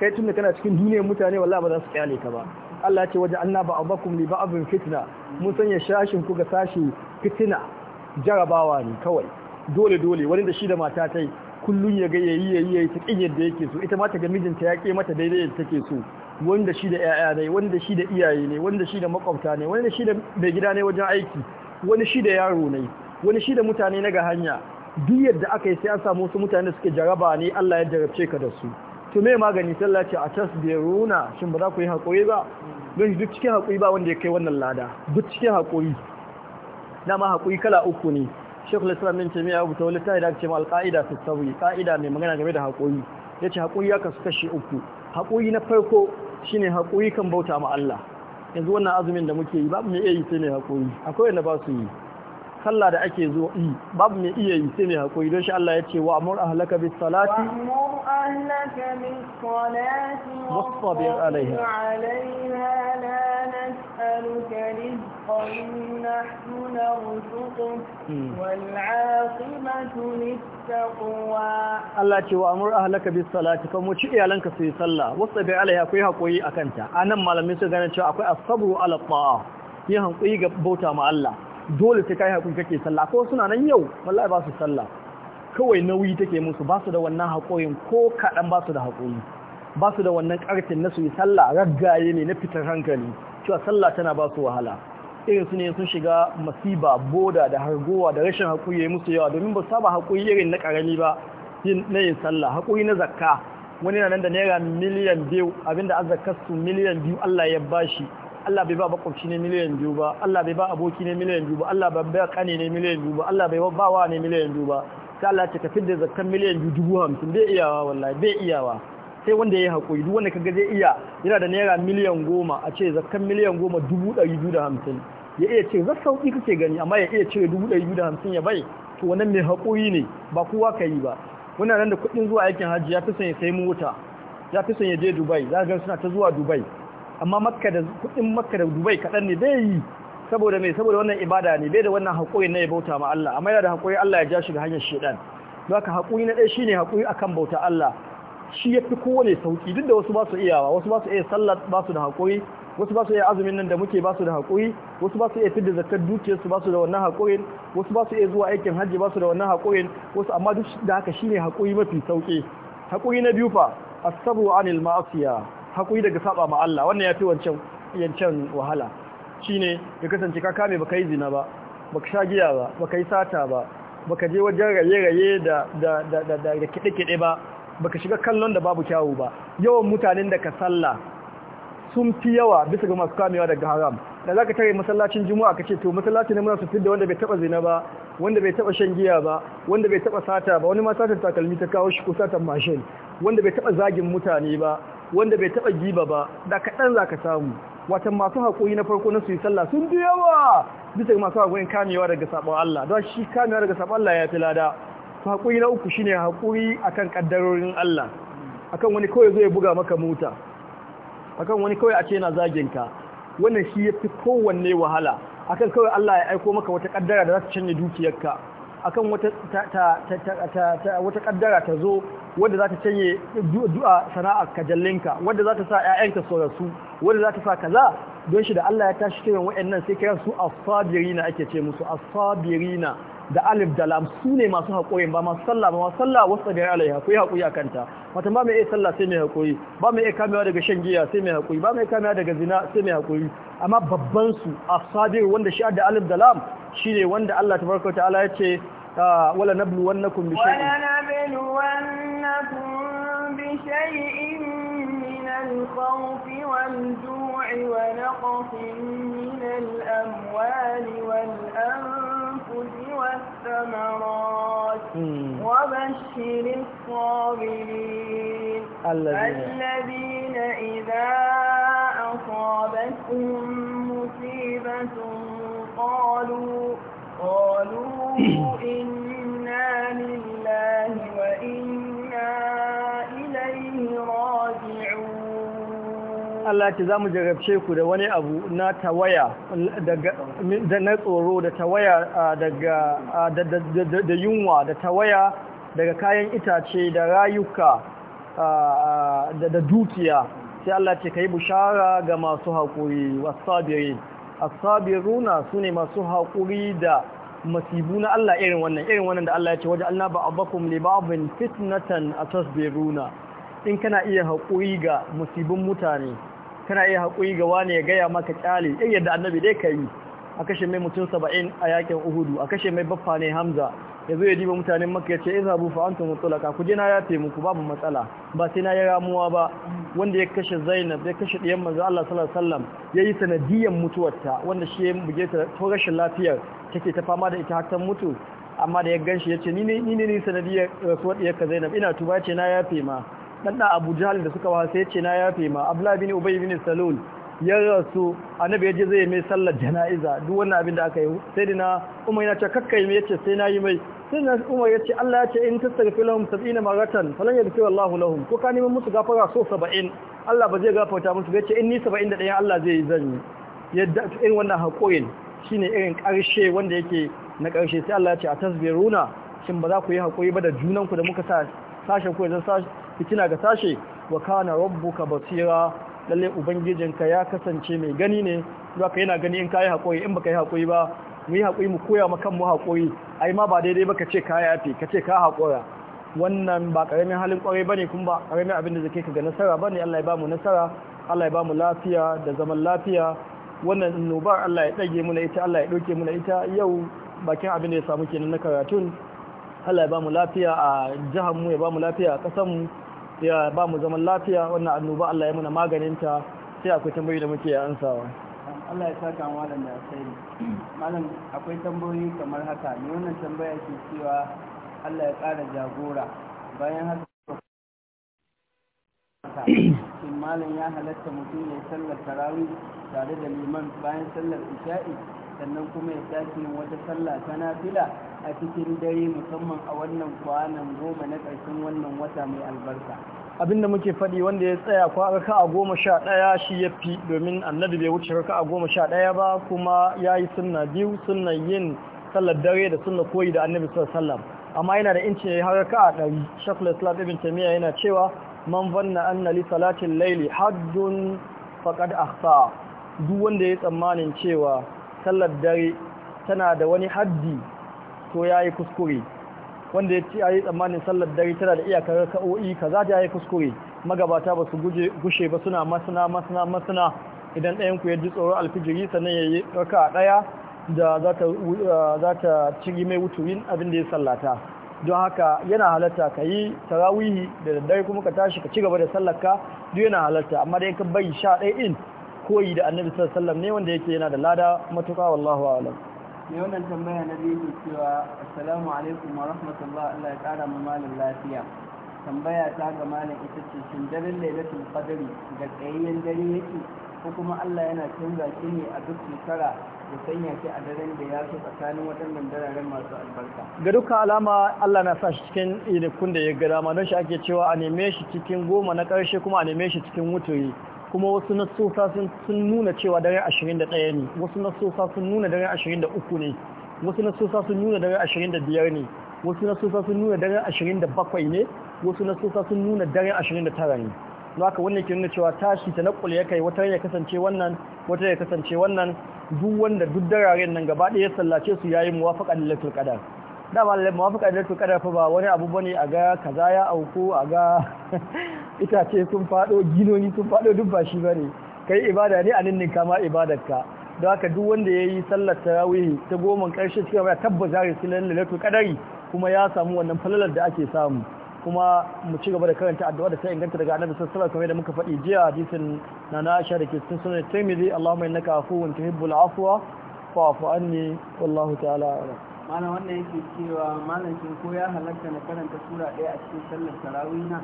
kai tun da kana cikin duniyar mutane wallahi ba za su kyale ka ba Allah ce waje anna ba abakum li abin fitna mun sanya shashin ku ga sashi fitina jarabawa ne kawai dole dole wani da shi da mata tai kullun ya ga yayi yayi ta kin yadda yake so ita ma ta ga mijinta ya ke mata daidai yadda take so wanda shi da yaya ne wanda shi da iyaye ne wanda shi da makwabta ne wanda shi da mai gida ne wajen aiki wani shi da yaro ne wani shi da mutane na ga hanya duk yadda aka yi sai an samu wasu mutane da suke jaraba ne Allah ya jarabce ka da su to me magani sallah ce a runa shin ba za ku yi hakuri ba don duk cikin hakuri ba wanda ya kai wannan lada duk cikin hakuri dama hakuri kala uku ne Sheikhul Islam bin Taymiyyah ya wani littafi da ce cewa al-qa'ida fi mai magana game da hakuri yace hakuri ya kasu kashi uku hakuri na farko shi ne haƙuri kan bauta ma Allah yanzu wannan azumin da muke yi babu mai iya yi sai mai haƙuri akwai wanda ba su yi sallah da ake zo yi babu mai iya yi sai mai hakuri don shi Allah ya ce wa amur ahlaka bis salati wa ahlaka salati alaiha hmm. Allah ce wa amur ahlaka bis salati kan mu ci iyalanka su yi sallah wasbir alaiha akwai a kanta. A anan malamai su gane cewa akwai asabu ala ta'a yi hakuri ga bauta ma Allah dole sai kai hakuri kake sallah ko suna nan yau wallahi ba su sallah kawai nauyi take musu ba su da wannan haƙorin ko kaɗan ba su da hakuri, ba su da wannan ƙarfin na su yi sallah raggaye ne na fitar hankali cewa sallah tana ba su wahala irin su ne sun shiga masiba boda da hargowa da rashin hakuri yi musu yawa domin ba saba hakuri irin na ƙarami ba na yin sallah hakuri na zakka wani na nan da naira miliyan biyu abinda azzakarsu miliyan biyu Allah ya bashi Allah bai ba makwabci ne miliyan biyu ba Allah bai ba aboki ne miliyan biyu ba Allah bai ba kane ne miliyan biyu ba Allah bai ba wa ne miliyan biyu ba sai Allah ce ka da zakkan miliyan biyu dubu hamsin bai iyawa wallahi bai iyawa sai wanda ya yi haƙuri duk wanda kaga zai iya yana da naira miliyan goma a ce zakan miliyan goma dubu ɗari biyu da hamsin ya iya ce za sauƙi kake gani amma ya iya cire dubu ɗari biyu da hamsin ya bai to wannan mai haƙuri ne ba kowa ka yi ba wannan nan da kuɗin zuwa aikin hajji ya fi son ya sai mota ya fi son ya je dubai za ga suna ta zuwa dubai amma makka da kudin makka da dubai kadan ne bai yi saboda mai saboda wannan ibada ne bai da wannan haƙuri na ya bauta ma Allah amma yana da haƙuri Allah ya ja shi ga hanyar shedan don haka haƙuri na daya shine haƙuri akan bauta Allah shi ya kowane sauki duk da wasu ba su ba wasu ba su iya sallah ba su da haƙuri wasu ba su iya azumin nan da muke ba su da haƙuri wasu ba su iya fidda zakar su ba su da wannan hakurin wasu ba su iya zuwa aikin hajji ba su da wannan hakurin wasu amma duk da haka shine hakuri mafi sauki hakuri na biyu fa asabu anil ma'asiya hakuri daga saba ma Allah wannan ya fi wancan yancan wahala shine ya kasance ka kame baka yi zina ba baka sha giya ba baka yi sata ba baka je wajen raye-raye da da da ba baka shiga kallon da babu kyawu ba yawan mutanen da ka sallah sun fi yawa bisa ga masu kamewa daga haram da za ka tare masallacin juma'a ka ce to masallacin ne muna su fidda wanda bai taba zina ba wanda bai taba shan giya ba wanda bai taba sata ba wani ma takalmi ta kawo shi ko satar mashin wanda bai taba zagin mutane ba wanda bai taba giba ba da kadan za ka samu watan masu haƙuri na farko na su yi sallah sun ji yawa bisa masu haƙoƙin kamewa daga sabon Allah don shi kamewa daga sabon Allah ya fi lada su haƙuri na uku shine haƙoƙi akan kaddarorin Allah akan wani kawai zai buga maka mota akan wani kawai a ce yana zagin ka wannan shi ya fi kowanne wahala akan kawai Allah ya aiko maka wata kaddara da za ta canje dukiyarka akan wata kaddara ta zo wadda za ta canye du'a sana'a kajallinka wadda za ta sa 'ya'yanka su rasu wadda za ta sa kaza don shi da Allah ya tashi kiran nan sai kiran su as ake ce musu as da alif da lam su ne masu haƙuri ba masu sallah ba masu sallah wasu da alaiha ku yi haƙuri a kanta wata ba mai iya sallah sai mai haƙuri ba mai iya kamewa daga shan giya sai mai haƙuri ba mai kamewa daga zina sai mai haƙuri amma babban su asabir wanda shi da alif da lam shine wanda Allah tabaraka ta'ala ya ce ah, wala nabluwannakum bi shay'in wala nabluwannakum bi shay'in min al-khawf wal-ju'i wa naqsin min al-amwali wal-anfusi wath-thamarati وبشر الصابرين الذين إذا أصابتهم مصيبة قالوا قالوا إنا لله وإنا إليه راجعون Allah ce za mu jarabce ku da wani abu na tsoro da tawaya daga yunwa da tawaya kayan itace da rayuka da dukiya sai Allah ce ka yi bushara ga masu haƙuri wasu sabirin asabiruna su sune masu haƙuri da masibu na Allah irin wannan irin wannan da Allah ya ce waje Allah ba'abakum li ba'dhin fitnatan atasbiruna in kana iya haƙuri ga musibin mutane kana iya haƙuri ga wani ya gaya maka kyale irin yadda annabi dai yi a kashe mai mutum saba'in a yakin Uhudu a kashe mai baffa ne Hamza ya zo ya diba mutanen maka ya ce iza bu fa mutulaka ku jina na ya muku babu matsala ba sai na yi ramuwa ba wanda ya kashe Zainab ya kashe diyan manzo Allah sallallahu alaihi wasallam yayi sanadiyan mutuwarta wanda shi ya buge ta to rashin lafiyar take ta fama da ita har mutu amma da ya ganshi ya ce ni ne ni ne sanadiyar rasuwar ka Zainab ina tuba ce na yafe ma dan da Abu da suka wasa ya ce na yafe ma Abdullah bin Ubay bin Salul ya rasu annabi ya je zai mai sallar jana'iza duk wannan abin da aka yi sai dina umar yana ce kakkai mai yace sai na yi mai sai umar ya ce Allah ya ce in tastaghfir lahum 70 maratan falan yaghfir Allahu lahum ko ka neman musu gafara so 70 Allah ba zai gafarta musu ba ya ce in ni 71 Allah zai yi zanyi yadda in wannan haƙorin shine irin ƙarshe wanda yake na ƙarshe sai Allah ya ce a tasbiruna shin ba za ku yi hakuri ba da junan ku da muka sa sashen ku fitina ga sashe wa kana rabbuka basira lalle ubangijinka ya kasance mai gani ne zaka yana gani in kai haƙuri in baka yi hakuri ba mu yi haƙuri mu koya ma kanmu haƙuri ai ma ba daidai ba ka ce ka yafe ka ce ka haƙura wannan ba ƙaramin halin ƙwarai ne. kuma ba ƙaramin abin da zake ka ga nasara ba ne. Allah ya ba mu nasara Allah ya ba mu lafiya da zaman lafiya wannan nubar Allah ya ɗage muna ita Allah ya ɗauke muna ita yau bakin abin da ya samu kenan na karatun Allah ya ba mu lafiya a jihar mu ya ba mu lafiya a ƙasar mu ya ba mu zaman lafiya wannan annoba Allah ya muna maganinta sai akwai tambayoyi da muke ansawa. Allah ya saka malam da alkhairi malam akwai tambayoyi kamar haka ne wannan tambaya ke cewa Allah ya ƙara jagora bayan haka shin malam ya halatta mutum ya sallar tarawih tare da liman bayan sallar isha'i sannan kuma ya sake yin wata sallah ta nafila a cikin dare musamman a wannan kwanan goma na ƙarshen wannan wata mai albarka abinda muke faɗi wanda ya tsaya kwa raka a goma sha ɗaya shi ya fi domin annabi bai wuce raka a goma sha ɗaya ba kuma ya yi sunna biyu sunna yin sallar dare da sunna koyi da annabi sallam amma yana da inci ya har raka a ɗari shakul islam ibn tamiya yana cewa man vanna anna li salatin laili haddun faqad akhta duk wanda ya yi tsammanin cewa sallar dare tana da wani haddi to yayi kuskure wanda ya ce a yi tsammanin sallar dare tana da iyakar raka'o'i kaza ta yi kuskure magabata ba su gushe ba suna masana masana masana idan ɗayan ku ya ji tsoro alfijiri sannan ya yi raka ɗaya da za ta uh, ciri mai wuturin abin da ya sallata don haka yana halatta ka yi tarawihi da daddare kuma ka tashi ka ci gaba da sallaka duk yana halatta amma ya ka bari sha ɗaya in koyi da annabi sallallahu ne wanda yake yana da lada matuƙa wallahu a'lam mai wannan tambaya na biyu cewa assalamu alaikum wa rahmatullah Allah ya kara mu malam lafiya tambaya ta ga malam ita ce shin daren lailatul fadari ga tsayayyen dare yake ko kuma Allah yana canza shi ne a duk shekara ya sanya shi a daren da ya so tsakanin waɗannan dararen masu albarka ga duka alama Allah na sa shi cikin kun da ya gada ma don shi ake cewa a neme shi cikin goma na ƙarshe kuma a neme shi cikin wuturi kuma wasu nassosa sun nuna cewa dare 21 ne wasu nassosa sun nuna dare 23 ne wasu nassosa sun nuna dare 25 ne wasu nassosa sun nuna dare 27 ne wasu nassosa sun nuna dare 29 ne don haka wannan ke nuna cewa tashi ta nakul ya kai wata ya kasance wannan wata ya kasance wannan duk wanda duk dararen nan gaba ɗaya sallace su yayi muwafaqa lillahi qadar da ba lalle muwafaka da kadar fa ba wani abu bane a ga kaza ya auku a ga itace sun fado ginoni sun fado duk ba shi bane kai ibada ne a ninnin kama ka don haka duk wanda ya yi sallar tarawih ta goma karshe cikin ya tabbata su lalle lalle kadari kuma ya samu wannan falalar da ake samu kuma mu ci gaba da karanta addu'a da ta inganta daga annabi sallallahu alaihi wasallam da muka faɗi jiya hadisin na na Aisha da ke cikin sunan Tirmidhi Allahumma innaka afuwun tuhibbul afwa fa'fu anni wallahu ta'ala a'lam mana wannan yake cewa malakin ko ya halatta na karanta sura ɗaya a cikin sallar tarawih na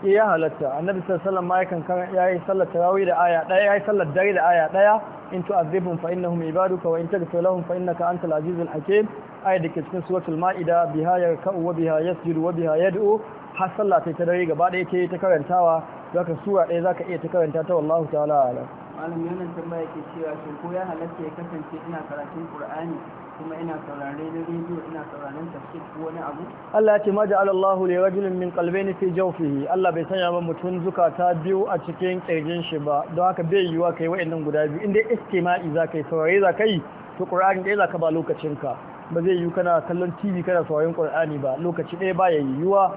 ke eh, ya halatta annabi sallallahu alaihi wasallam ya yi sallar tarawih da aya ɗaya ya yi sallar dare da aya ɗaya in tu'azzibhum fa innahum ibaduka wa in taghfir lahum fa innaka antal azizul hakim aya da ke cikin suratul ma'ida biha yarka'u wa biha yasjudu wa biha yad'u har sallah ta dare gaba ɗaya ke ta karantawa zaka sura ɗaya zaka iya ta karanta ta wallahu ta'ala alam malam yana tambaya ke cewa shin ko ya halatta ya kasance ina karatun qur'ani kuma ina saurare rediyo ina sauraren tafsir ko wani abu Allah ya ce ma ja'ala Allahu li rajulin min qalbayni fi jawfihi Allah bai sanya ba mutum zukata biyu a cikin kirjin shi ba don haka bai yiwa kai wa'annan guda biyu inda istima'i zakai saurare zakai to Qur'ani dai zaka ba lokacinka ba zai yiwu kana kallon TV kana saurayin Qur'ani ba lokaci ɗaya ba ya yiwuwa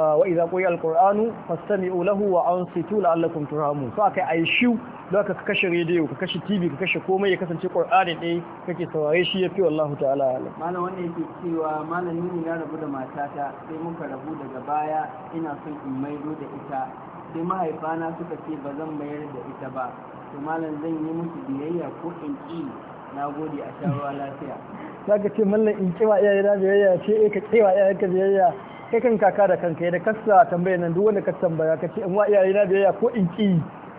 wa idza quriya alqur'anu fastami'u lahu wa ansitu la'allakum turhamun so akai ai shiu don ka kashe rediyo ka kashe tv ka kashe komai ya kasance qur'ani dai kake saurare shi ya wallahu ta'ala alam malam wanda yake cewa malami ne ya rabu da matata sai muka rabu daga baya ina son in maido da ita sai mahaifana suka ce ba zan mayar da ita ba to malam zan yi musu biyayya ko in ki na a shawarwa lafiya za ka ce mallan in kiwa iyaye na biyayya ce ka kiwa iyaye ka biyayya kai kan kaka da kanka yadda kasa tambaya nan duk wanda ka tambaya ka ce in wa iyaye na biyayya ko in ki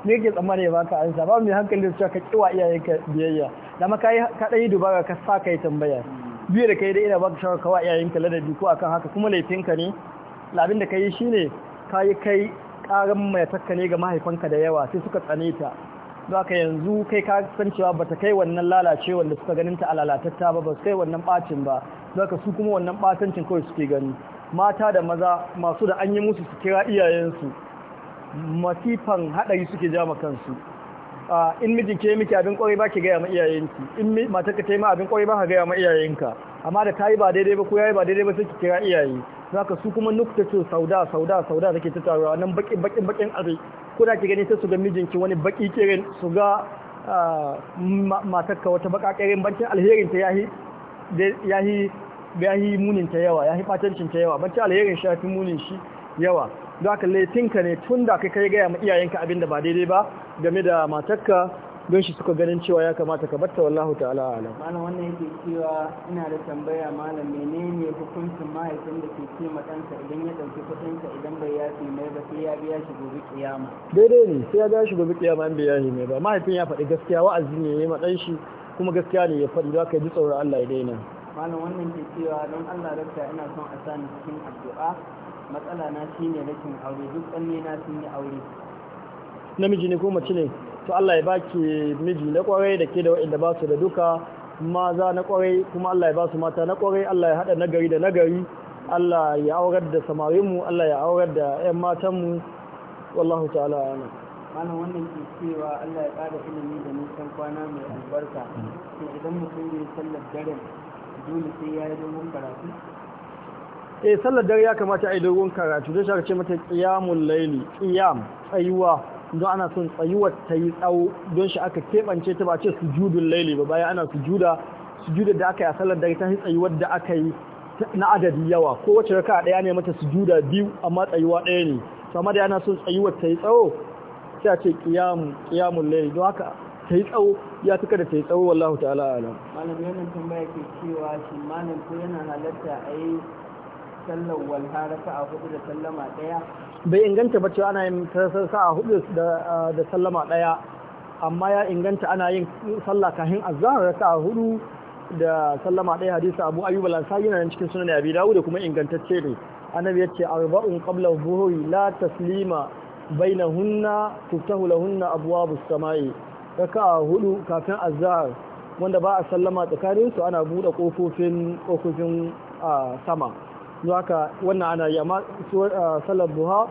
ne kake tsammani ya baka ansa ba mai hankali da cewa ka ki wa ka biyayya da ma kai ka dai dubara ka sa kai tambaya biye da kai da ina baka shawara ka wa iyayenka ladabi ko akan haka kuma laifin ka ne labin da kai shine yi kai karan mai takka ne ga mahaifanka da yawa sai suka tsane ta za haka yanzu kai ka san cewa bata kai wannan lalace da suka ganin ta a lalatatta ba ba kai wannan bacin ba za ka su kuma wannan batancin kawai suke gani mata da maza masu da an yi musu su kira iyayensu masifan haɗari suke jama kansu in mijin ke miki abin kwarai ba ki gaya ma iyayenki in mata ka taima abin kwarai ba ka gaya ma iyayenka amma da ta yi ba daidai ba ko ya yi ba daidai ba sai ki kira iyaye za ka su kuma nukta ce sauda sauda sauda take ta taruwa nan baƙin baƙin baƙin are ko da ki gani sai su ga mijinki wani baƙi kirin su ga matarka wata baka kirin bancin alherin ta ya yi. ya yi munin ta yawa ya yi fatancin ta yawa bacci alherin shi fi munin shi yawa aka laifin ka ne tun da kai gaya ma iyayenka abin da ba daidai ba game da matakka don shi suka ganin cewa ya kamata ka batta wallahu ta'ala alam malam wannan yake cewa ina da tambaya malam menene hukuncin mahaifin da ke ce matansa idan ya dauki kuɗinsa idan bai fi mai ba sai ya biya shi gobe kiyama daidai ne sai ya biya shi gobe kiyama in biya shi mai ba mahaifin ya faɗi gaskiya wa'azi ne ya yi matsayin shi kuma gaskiya ne ya faɗi za ka ji tsoron Allah ya daina malam wannan ke cewa don allah dakta ina son a sani cikin addu'a matsala na shine rashin aure duk ƙanne na sun yi aure namiji ne ko mace ne to allah ya baki miji na kwarai da ke da wa'inda ba su da duka maza na kwarai kuma allah ya ba su mata na kwarai allah ya haɗa nagari da nagari allah ya aurar da samarinmu allah ya aurar da 'yan matanmu wallahu ta'ala alam malam wannan ke cewa Allah ya ƙara ilimi da nisan kwana mai albarka to idan mutum ya sallar daren dole sai ya yi dogon karatu eh sallar dare ya kamata a yi dogon karatu zai shaka ce mata qiyamul laili qiyam tsayuwa don ana son tsayuwar ta yi tsawo don shi aka keɓance ta ba ce sujudul laili ba bayan ana sujuda sujudar da aka yi a sallar dare ta tsayuwar da aka yi na adadi yawa ko wacce raka daya ne mata sujuda biyu amma tsayuwa daya ne sama da ana son tsayuwar ta yi tsawo sai a ce kiyamun qiyamul layli don haka ta yi tsawo ya fi kada ta yi tsawo wallahu ta'ala ala malam yana tambaya ke cewa shi malam ko yana halatta a yi sallar walha raka a hudu da sallama daya bai inganta ba cewa ana yin sa'a hudu da sallama daya amma ya inganta ana yin sallah kahin azhar da sa'a hudu da sallama daya hadisi abu ayyub al-ansari yana cikin sunan abi dawud da kuma ingantacce ne annabi yace arba'un qabla dhuhri la taslima bainahunna tuftahu lahunna abwabus samai raka'a hudu kafin azhar wanda ba a sallama tsakanin su ana bude kofofin kofofin sama don ka wannan ana yi amma sallar duha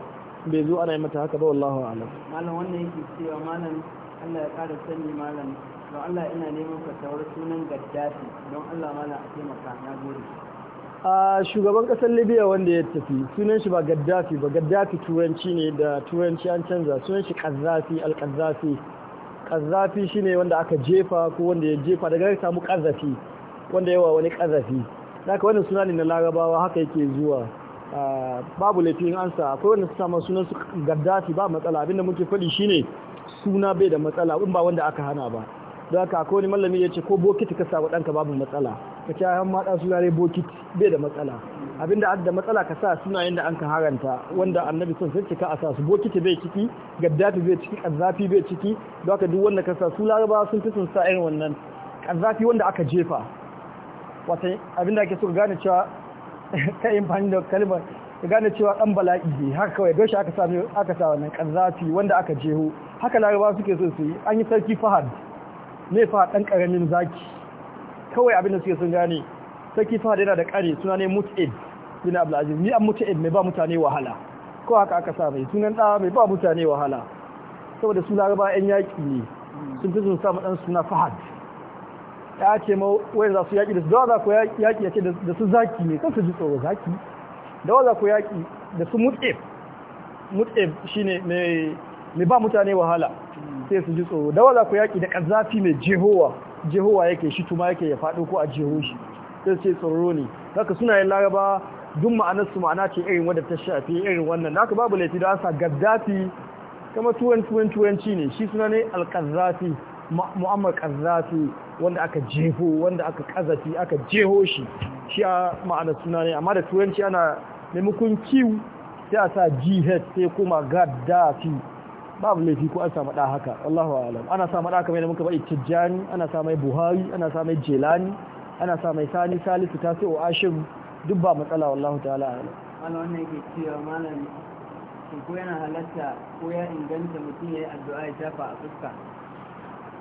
bai zo ana yi mata haka ba wallahu a'lam malam wannan yake cewa malam Allah ya kara sani malam don Allah ina neman fatawar sunan Gaddafi don Allah malam a taimaka na gode a shugaban kasar libya wanda ya tafi sunan shi ba gaddafi ba gaddafi turanci ne da turanci an canza sunan shi kazzafi al-kazzafi ƙazafi shine wanda aka jefa ko wanda ya jefa daga ya samu ƙazafi wanda yawa wani ƙazafi ka wani suna ne na larabawa haka yake zuwa ah, babu laifin ansa akwai wani su samu sunan su gaddafi ba matsala abinda muke faɗi shine suna bai da matsala in ba wanda aka hana ba don haka akwai wani mallami ya ce ko bokiti ka sa wa ɗanka babu matsala ka ce an maɗa suna bokiti bai da matsala abinda adda matsala ka sa sunayen da an ka haranta wanda annabi sun sai cika a sa su bokiti bai ciki gaddafi bai ciki kazafi bai ciki don haka duk wanda ka sa su laraba sun fi sun sa irin wannan kazafi wanda aka jefa wata abinda ake so gane cewa ka yi da kalmar ka gane cewa dan bala'i ne haka kawai gashi aka sa aka sa wannan kazafi wanda aka jeho haka laraba suke so su yi an yi sarki fahad ne fahad dan karamin zaki kawai abinda suke sun gane sarki fahad yana da kare suna ne mut'id bin Abdulaziz ni an mutu mai ba mutane wahala ko haka aka sa mai sunan da mai ba mutane wahala saboda su laraba yan yaƙi ne sun fi sun sa dan suna Fahad ya ce ma wai za su yaƙi da su da ko yaƙi ya ce da su zaki ne kan su ji tsoro zaki da za ku yaƙi da su mut'ib mut'ib shine mai mai ba mutane wahala sai su ji tsoro da za ku yaƙi da ƙazafi mai jehowa jehowa yake shi tuma yake ya faɗo ko a jeho shi sai ce tsoro ne haka suna yin laraba duk ma'anar ma'ana ce irin wadda ta shafi irin wannan naka babu laifi da asa gaddafi kama tuwon tuwon tuwanci ne shi suna ne alƙazzafi mu'ammar wanda aka jefo wanda aka ƙazafi aka jeho shi shi a ma'anar suna ne amma da turanci ana maimakon kiw sai a sa jihad sai kuma gaddafi babu laifi ko an samu ɗa haka wallahu alam ana samu ɗa kamar da muka tijjani ana samu buhari ana samu jelani ana samu sani salisu ta tasi'u ashiru duk ba matsala wallahu ta'ala a yana wani wannan yake cewa malam shi ko yana halatta ko ya inganta mutum ya yi addu'a ya shafa a fuska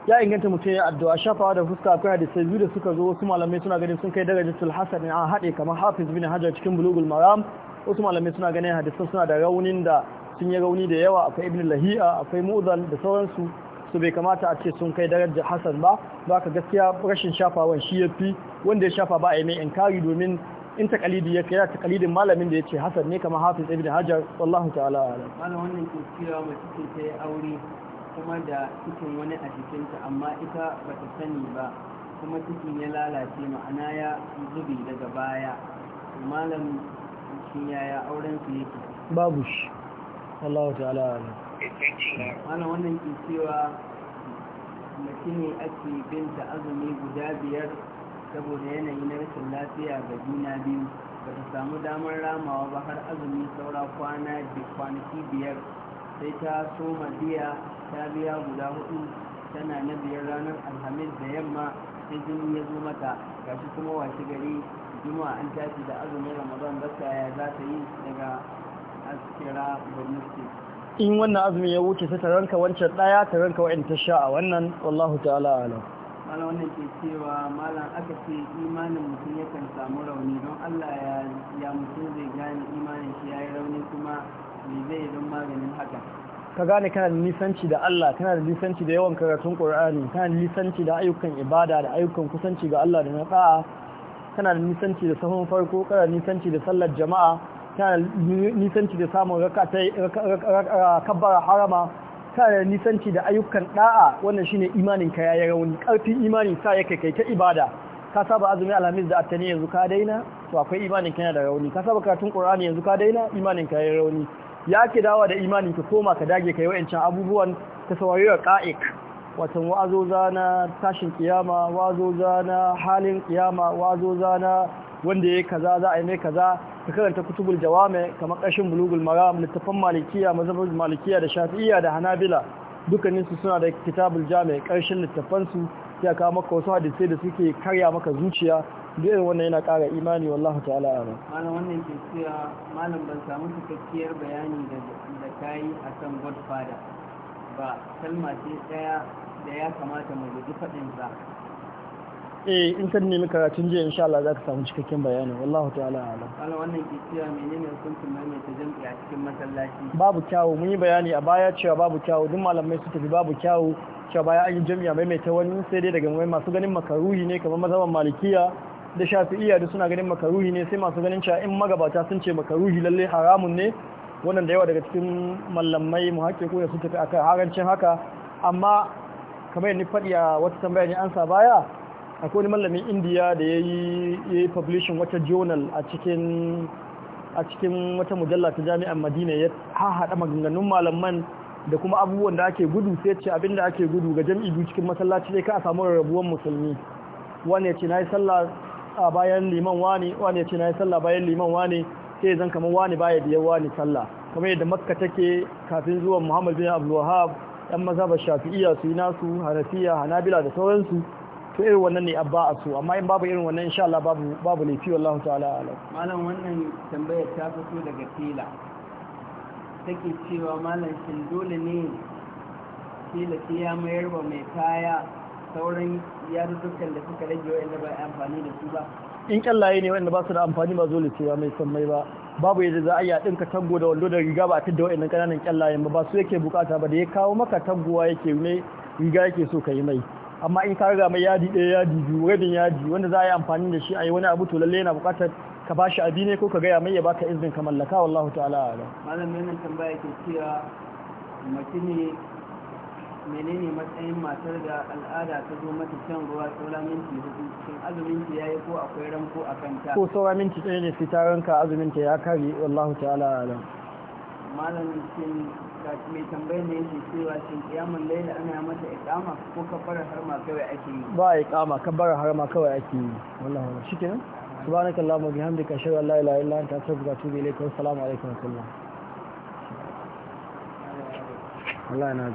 ya inganta mutum ya addu'a shafawa da fuska akwai hadisai biyu da suka zo wasu malamai suna ganin sun kai darajatul hasan a haɗe kamar hafiz bin hajar cikin bulugul maram wasu malamai suna ganin hadisan suna da raunin da sun yi rauni da yawa akwai ibn lahi'a akwai mu'zal da sauransu su bai kamata a ce sun kai darajar hasan ba ba ka gaskiya rashin shafawan shi ya fi wanda ya shafa ba a yi mai inkari domin in takalidi ya kira takalidin malamin da ya ce hasan ne kama hafiz ibn hajar wallahu ta'ala ala mana wannan ke cewa mace ce ta yi aure kuma da cikin wani a jikinta amma ita ba ta sani ba kuma cikin ya lalace ma'ana ya zubi daga baya malam shi yaya auren su yake babu shi wallahu ta'ala ala mana wannan ke cewa mace ne ake binta azumi guda biyar saboda yanayi na rashin lafiya ga juna biyu ba ta samu damar ramawa ba har azumi saura kwana da kwanaki biyar sai ta soma biya ta biya guda hudu tana na biyar ranar alhamis da yamma sai jini ya zo mata gashi kuma washe gari juma'a an tashi da azumin ramadan bata ya za ta yi daga askira gwamnati in wannan azumi ya wuce sai ta ranka wancan daya ta ranka wa'in ta sha a wannan wallahu ta'ala alam malam wannan ke cewa malam aka ce imanin mutum yakan samu rauni don allah ya mutum zai gane imanin shi ya yi rauni kuma me zai don maganin haka ka gane kana da nisanci da Allah kana da nisanci da yawan karatun Qur'ani kana da nisanci da ayyukan ibada da ayyukan kusanci ga Allah da na da'a kana da nisanci da sahun farko kana da nisanci da sallar jama'a kana da nisanci da samun rakabar kabbara harama ka nisanci da ayyukan da'a wannan shine imanin ka yayi rauni karfin imani sa yake kai ta ibada ka saba azumi alhamis da attani yanzu ka daina to akwai imanin ka da rauni ka saba karatun qur'ani yanzu ka daina imanin ka yayi rauni ya ke dawa da imanin ka koma ka dage kai wayancan abubuwan ta saurari qa'ik watan wa'azoza na tashin kiyama wa'azoza na halin kiyama wa'azoza na wanda yayi kaza za a yi mai kaza ka karanta kutubul jawame kamar ƙashin bulugul maram littafan malikiya mazhabul malikiya da shafi'iyya da hanabila dukkanin su suna da kitabul jami ƙarshen littafan su ya kawo maka wasu hadisai da suke karya maka zuciya duk wannan yana ƙara imani wallahi ta'ala amin malam wannan ke cewa malam ban samu cikakkiyar bayani da da kai akan godfather ba kalma ce daya da ya kamata mu guji fadin sa eh in ka nemi karatun jiya insha Allah za ka samu cikakken bayani wallahu ta'ala ala wannan ke cewa menene hukuncin mai ta jam'i a cikin masallaci babu kyawu mun yi bayani a baya cewa babu kyawu duk malamai su tafi babu kyawu cewa baya an yi jam'i mai ta wani sai dai daga mai masu ganin makaruhi ne kamar mazhaban malikiya da shafi'iyya da suna ganin makaruhi ne sai masu ganin cewa in magabata sun ce makaruhi lalle haramun ne wannan da yawa daga cikin mallamai mu hake ko su tafi akan harancin haka amma kamar ni fadi a wata tambaya ne ansa baya akwai wani mallamin indiya da ya yi publishing wata journal a cikin wata mujalla ta jami'an madina ya haɗa maganganun malaman da kuma abubuwan da ake gudu sai ce abin da ake gudu ga jam'i biyu cikin masallaci dai ka a samu rarrabuwan musulmi wani ya ce na yi sallah a bayan liman wani wani ya ce na yi sallah bayan liman wani sai zan kamar wani baya biyar wani sallah kamar yadda makka take kafin zuwan muhammad bin abdul wahab yan mazhabar shafi'iyya su yi nasu hanafiya hanabila da sauransu ko irin wannan ne abba a so amma in babu irin wannan insha Allah babu babu laifi wallahi ta'ala alam malam wannan tambayar ta fito daga tela take cewa malam shin dole ne tela sai ya mayar wa mai kaya sauran yarurrukan da suka rage wa'anda ba amfani da su ba in kallaye ne wa'anda ba su da amfani ba zole cewa ya mai san mai ba babu yadda za a iya dinka tango da wando da riga ba a tadda wa'annan ƙananan kyallayen ba ba su yake bukata ba da ya kawo maka tangowa yake ne riga yake so ka yi mai amma in ka riga mai yadi ɗaya yadi biyu rabin yadi wanda za a yi amfani da shi a yi wani abu to lalle yana buƙatar ka ba shi abi ne ko ka gaya mai ya baka izinin ka mallaka wallahu ta'ala ga. malam nan tambaya ke cewa mace ne menene matsayin matar da al'ada ta zo mata shan ruwa saura minti hudu cikin azumin ta yayi ko akwai ranko a kanta ko saura minti ɗaya ne sai ta ranka azumin ta ya kare wallahu ta'ala ga. malam nan mai tambayar ne yake cewa shin kiyamun laila ana mata ikama ko har ma kawai ake yi ba iqama har ma kawai ake yi wallahi wallahi shikenan subhanakallahumma wa bihamdika ashhadu an la ilaha illa anta astaghfiruka wa atubu ilayk wa assalamu alaikum wa rahmatullah wallahi na